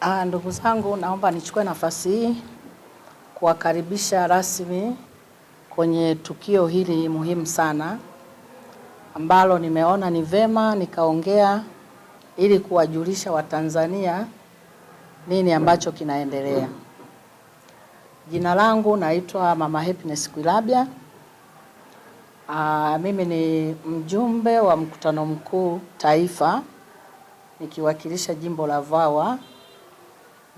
Ah, ndugu zangu, naomba nichukue nafasi hii kuwakaribisha rasmi kwenye tukio hili muhimu sana ambalo nimeona ni vema nikaongea ili kuwajulisha Watanzania nini ambacho kinaendelea. Jina langu naitwa Mama Happiness Kuilabya. Ah, mimi ni mjumbe wa mkutano mkuu taifa nikiwakilisha jimbo la Vwawa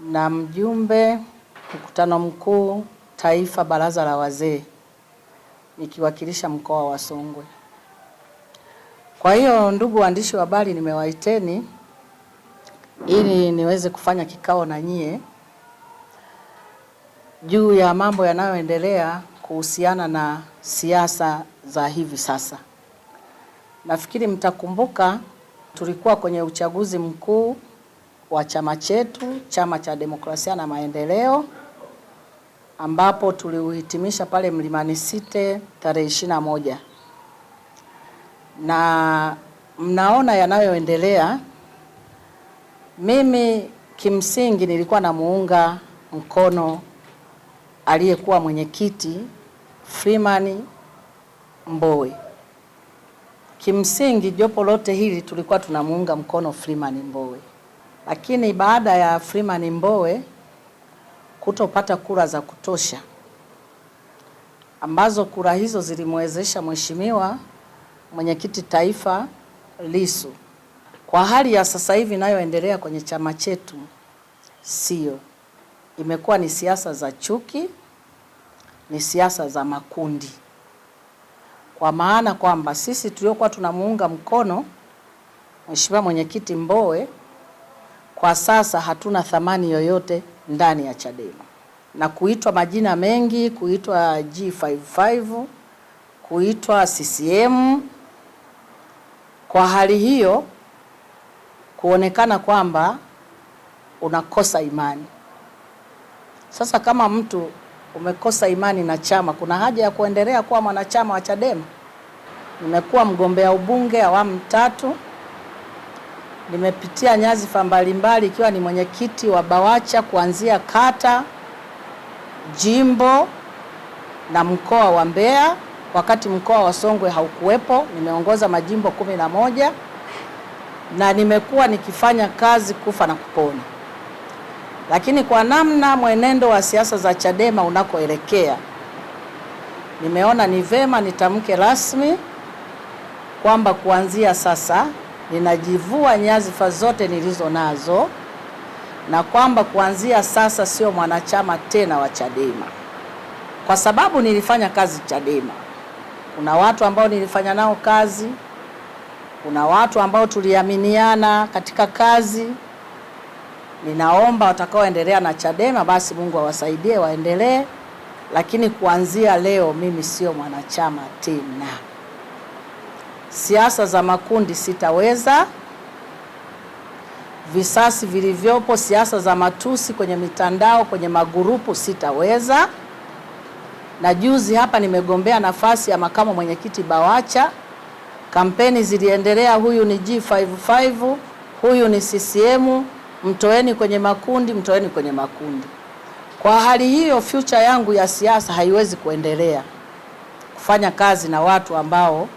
na mjumbe mkutano mkuu taifa baraza la wazee nikiwakilisha mkoa wa Songwe. Kwa hiyo ndugu waandishi wa habari, nimewaiteni ili niweze kufanya kikao na nyie juu ya mambo yanayoendelea kuhusiana na siasa za hivi sasa. Nafikiri mtakumbuka tulikuwa kwenye uchaguzi mkuu wa chama chetu, chama cha demokrasia na maendeleo, ambapo tuliuhitimisha pale Mlimani City tarehe ishirini na moja na mnaona yanayoendelea. Mimi kimsingi nilikuwa namuunga mkono aliyekuwa mwenyekiti Freeman Mbowe. Kimsingi jopo lote hili tulikuwa tunamuunga mkono Freeman Mbowe. Lakini baada ya Freeman Mbowe kutopata kura za kutosha ambazo kura hizo zilimwezesha mheshimiwa mwenyekiti taifa Lissu, kwa hali ya sasa hivi inayoendelea kwenye chama chetu, sio imekuwa ni siasa za chuki, ni siasa za makundi, kwa maana kwamba sisi tuliokuwa tunamuunga mkono mheshimiwa mwenyekiti Mbowe kwa sasa hatuna thamani yoyote ndani ya Chadema na kuitwa majina mengi, kuitwa G55, kuitwa CCM. Kwa hali hiyo, kuonekana kwamba unakosa imani. Sasa kama mtu umekosa imani na chama, kuna haja ya kuendelea kuwa mwanachama wa Chadema? Nimekuwa mgombea ubunge awamu tatu nimepitia nyadhifa mbalimbali ikiwa ni mwenyekiti wa BAWACHA kuanzia kata, jimbo na mkoa wa Mbeya. Wakati mkoa wa Songwe haukuwepo, nimeongoza majimbo kumi na moja na nimekuwa nikifanya kazi kufa na kupona. Lakini kwa namna mwenendo wa siasa za Chadema unakoelekea, nimeona ni vema nitamke rasmi kwamba kuanzia sasa ninajivua nyadhifa zote nilizo nazo na kwamba kuanzia sasa sio mwanachama tena wa Chadema kwa sababu nilifanya kazi Chadema. Kuna watu ambao nilifanya nao kazi, kuna watu ambao tuliaminiana katika kazi. Ninaomba watakaoendelea na Chadema basi Mungu awasaidie waendelee, lakini kuanzia leo mimi sio mwanachama tena siasa za makundi sitaweza, visasi vilivyopo, siasa za matusi kwenye mitandao, kwenye magurupu sitaweza. Na juzi hapa nimegombea nafasi ya makamu mwenyekiti Bawacha, kampeni ziliendelea, huyu ni G55, huyu ni CCM, mtoeni kwenye makundi, mtoeni kwenye makundi. Kwa hali hiyo, future yangu ya siasa haiwezi kuendelea kufanya kazi na watu ambao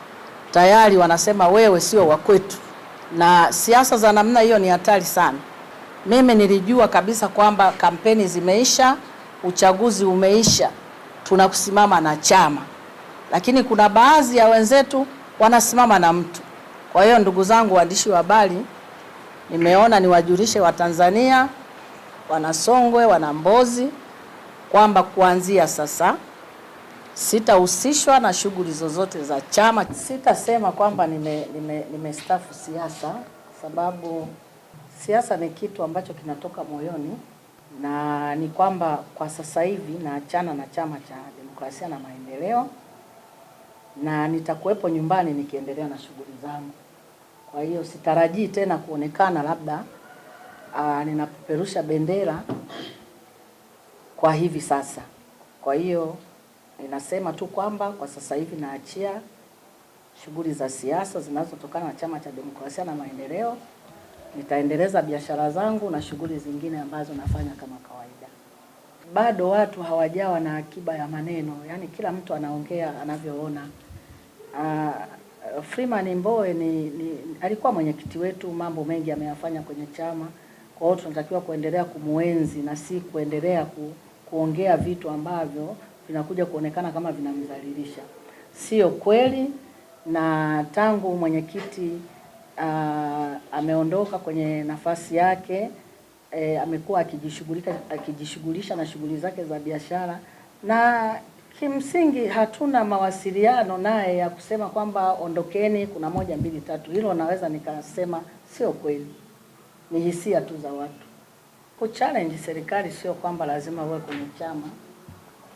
tayari wanasema wewe sio wa kwetu, na siasa za namna hiyo ni hatari sana. Mimi nilijua kabisa kwamba kampeni zimeisha, uchaguzi umeisha, tunakusimama na chama, lakini kuna baadhi ya wenzetu wanasimama na mtu. Kwa hiyo ndugu zangu waandishi wa habari, nimeona niwajulishe Watanzania, wana Songwe, wana Mbozi kwamba kuanzia sasa sitahusishwa na shughuli zozote za chama. Sitasema kwamba nimestafu nime, nime siasa, sababu siasa ni kitu ambacho kinatoka moyoni, na ni kwamba kwa sasa hivi naachana na Chama cha Demokrasia na Maendeleo na nitakuwepo nyumbani nikiendelea na shughuli zangu. Kwa hiyo sitarajii tena kuonekana labda aa, ah, ninapeperusha bendera kwa hivi sasa. Kwa hiyo Ninasema tu kwamba kwa sasa hivi naachia shughuli za siasa zinazotokana na Chama cha Demokrasia na Maendeleo. Nitaendeleza biashara zangu na shughuli zingine ambazo nafanya kama kawaida. Bado watu hawajawa na akiba ya maneno, yaani kila mtu anaongea anavyoona. Uh, Freeman Mbowe ni, ni, alikuwa mwenyekiti wetu, mambo mengi ameyafanya kwenye chama. Kwa hiyo tunatakiwa kuendelea kumuenzi na si kuendelea ku, kuongea vitu ambavyo vinakuja kuonekana kama vinamdhalilisha. Sio kweli, na tangu mwenyekiti uh, ameondoka kwenye nafasi yake e, amekuwa akijishughulika akijishughulisha na shughuli zake za biashara na kimsingi hatuna mawasiliano naye ya kusema kwamba ondokeni, kuna moja mbili tatu. Hilo naweza nikasema sio kweli, ni hisia tu za watu. Ku challenge serikali sio kwamba lazima uwe kwenye chama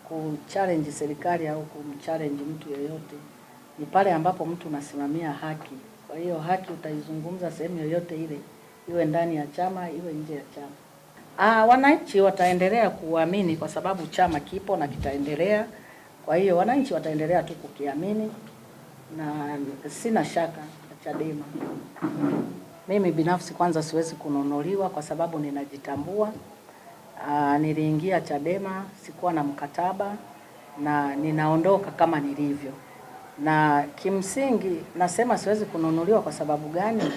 kuchallenge serikali au kumchallenge mtu yoyote ni pale ambapo mtu unasimamia haki. Kwa hiyo haki utaizungumza sehemu yoyote ile, iwe ndani ya chama, iwe nje ya chama. Ah, wananchi wataendelea kuamini kwa sababu chama kipo na kitaendelea. Kwa hiyo wananchi wataendelea tu kukiamini na sina shaka na Chadema. Mimi binafsi kwanza siwezi kununuliwa kwa sababu ninajitambua. Ah, niliingia Chadema sikuwa na mkataba na ninaondoka kama nilivyo, na kimsingi nasema siwezi kununuliwa. Kwa sababu gani?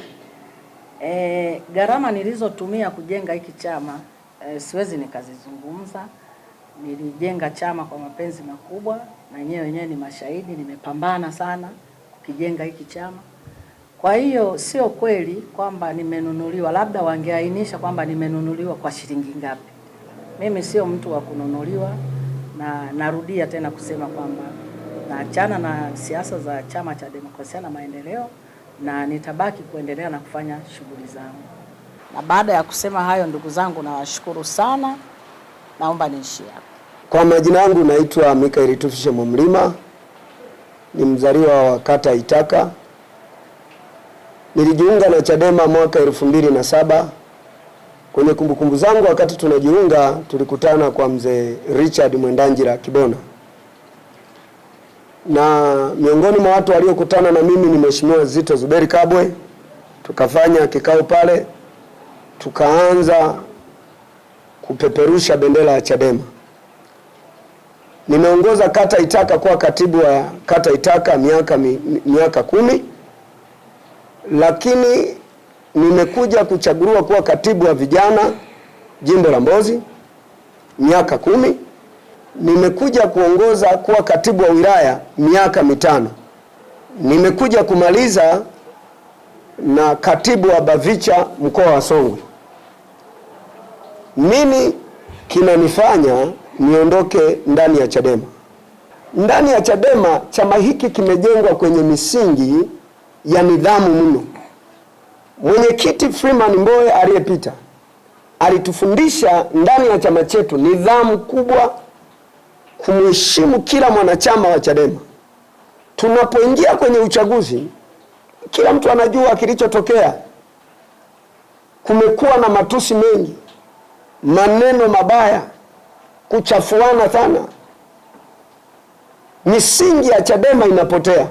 E, gharama nilizotumia kujenga hiki chama e, siwezi nikazizungumza. Nilijenga chama kwa mapenzi makubwa, na nyewe wenyewe ni mashahidi, nimepambana sana kukijenga hiki chama. Kwa hiyo sio kweli kwamba nimenunuliwa, labda wangeainisha kwamba nimenunuliwa kwa shilingi ngapi. Mimi sio mtu wa kununuliwa, na narudia tena kusema kwamba naachana na siasa za Chama cha Demokrasia na Maendeleo na nitabaki kuendelea na kufanya shughuli zangu. Na baada ya kusema hayo, ndugu zangu, nawashukuru sana, naomba niishie hapo. Kwa majina yangu naitwa mikaeli Tufishe Mwamlima, ni mzaliwa wa kata Itaka. Nilijiunga na Chadema mwaka elfu mbili na saba Kwenye kumbukumbu zangu wakati tunajiunga tulikutana kwa mzee Richard Mwendanjira Kibona, na miongoni mwa watu waliokutana na mimi ni Mheshimiwa Zito Zuberi Kabwe. Tukafanya kikao pale, tukaanza kupeperusha bendera ya Chadema. Nimeongoza kata Itaka kuwa katibu wa kata Itaka miaka, mi, miaka kumi lakini nimekuja kuchaguliwa kuwa katibu wa vijana jimbo la Mbozi miaka kumi. Nimekuja kuongoza kuwa katibu wa wilaya miaka mitano. Nimekuja kumaliza na katibu wa BAVICHA mkoa wa Songwe. Nini kinanifanya niondoke ndani ya Chadema? Ndani ya Chadema, chama hiki kimejengwa kwenye misingi ya nidhamu mno. Mwenyekiti Freeman Mbowe aliyepita alitufundisha ndani ya chama chetu nidhamu kubwa, kumheshimu kila mwanachama wa Chadema. Tunapoingia kwenye uchaguzi, kila mtu anajua kilichotokea. Kumekuwa na matusi mengi, maneno mabaya, kuchafuana sana, misingi ya Chadema inapotea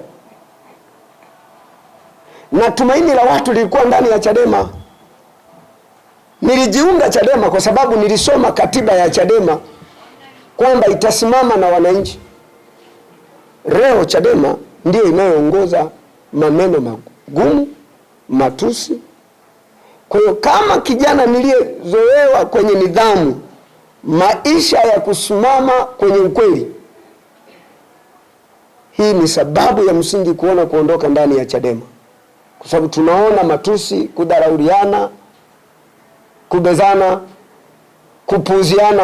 na tumaini la watu lilikuwa ndani ya Chadema. Nilijiunga Chadema kwa sababu nilisoma katiba ya Chadema kwamba itasimama na wananchi. Leo Chadema ndiyo inayoongoza maneno magumu, matusi. Kwa hiyo kama kijana niliyezoewa kwenye nidhamu, maisha ya kusimama kwenye ukweli, hii ni sababu ya msingi kuona kuondoka ndani ya Chadema kwa sababu tunaona matusi, kudharauliana, kubezana, kupuuziana.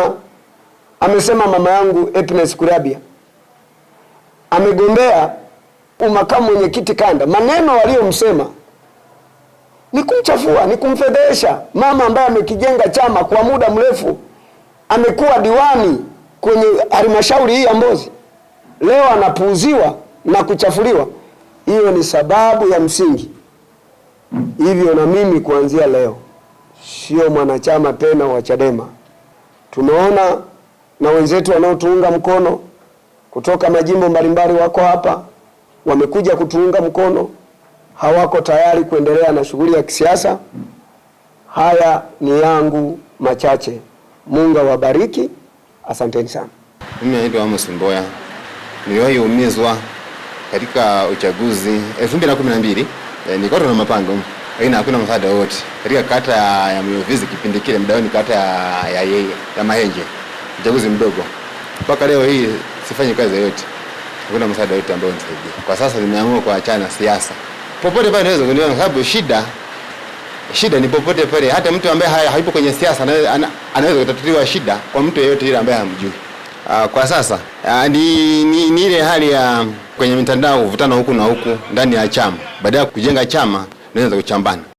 Amesema mama yangu Happiness Kurabia amegombea umakamu mwenyekiti kanda, maneno aliyomsema ni kumchafua, ni kumfedhesha mama ambaye amekijenga chama kwa muda mrefu, amekuwa diwani kwenye halmashauri hii ya Mbozi, leo anapuuziwa na kuchafuliwa. Hiyo ni sababu ya msingi Hivyo na mimi kuanzia leo sio mwanachama tena wa Chadema. Tumeona na wenzetu wanaotuunga mkono kutoka majimbo mbalimbali wako hapa, wamekuja kutuunga mkono, hawako tayari kuendelea na shughuli ya kisiasa. Haya ni yangu machache. Mungu awabariki, asanteni sana. Mimi naitwa Amos Mboya, niliwahi umizwa katika uchaguzi 2012 E, eh, nilikuwa tuna mapango lakini hakuna msaada wote katika kata ya Mwevizi Kipindi kile mdao ni kata ya, ya, ya, Mahenje, uchaguzi mdogo. Mpaka leo hii sifanyi kazi yoyote, hakuna msaada wote ambao nisaidia. Kwa sasa nimeamua kuachana siasa, popote pale naweza kuniona, kwa sababu shida shida ni popote pale. Hata mtu ambaye hayupo kwenye siasa anaweza kutatuliwa shida kwa mtu yeyote yule ambaye hamjui. Uh, kwa sasa uh, ni, ni, ni ile hali ya kwenye mitandao kuvutana huku na huku ndani ya chama, baada ya kujenga chama naweza kuchambana.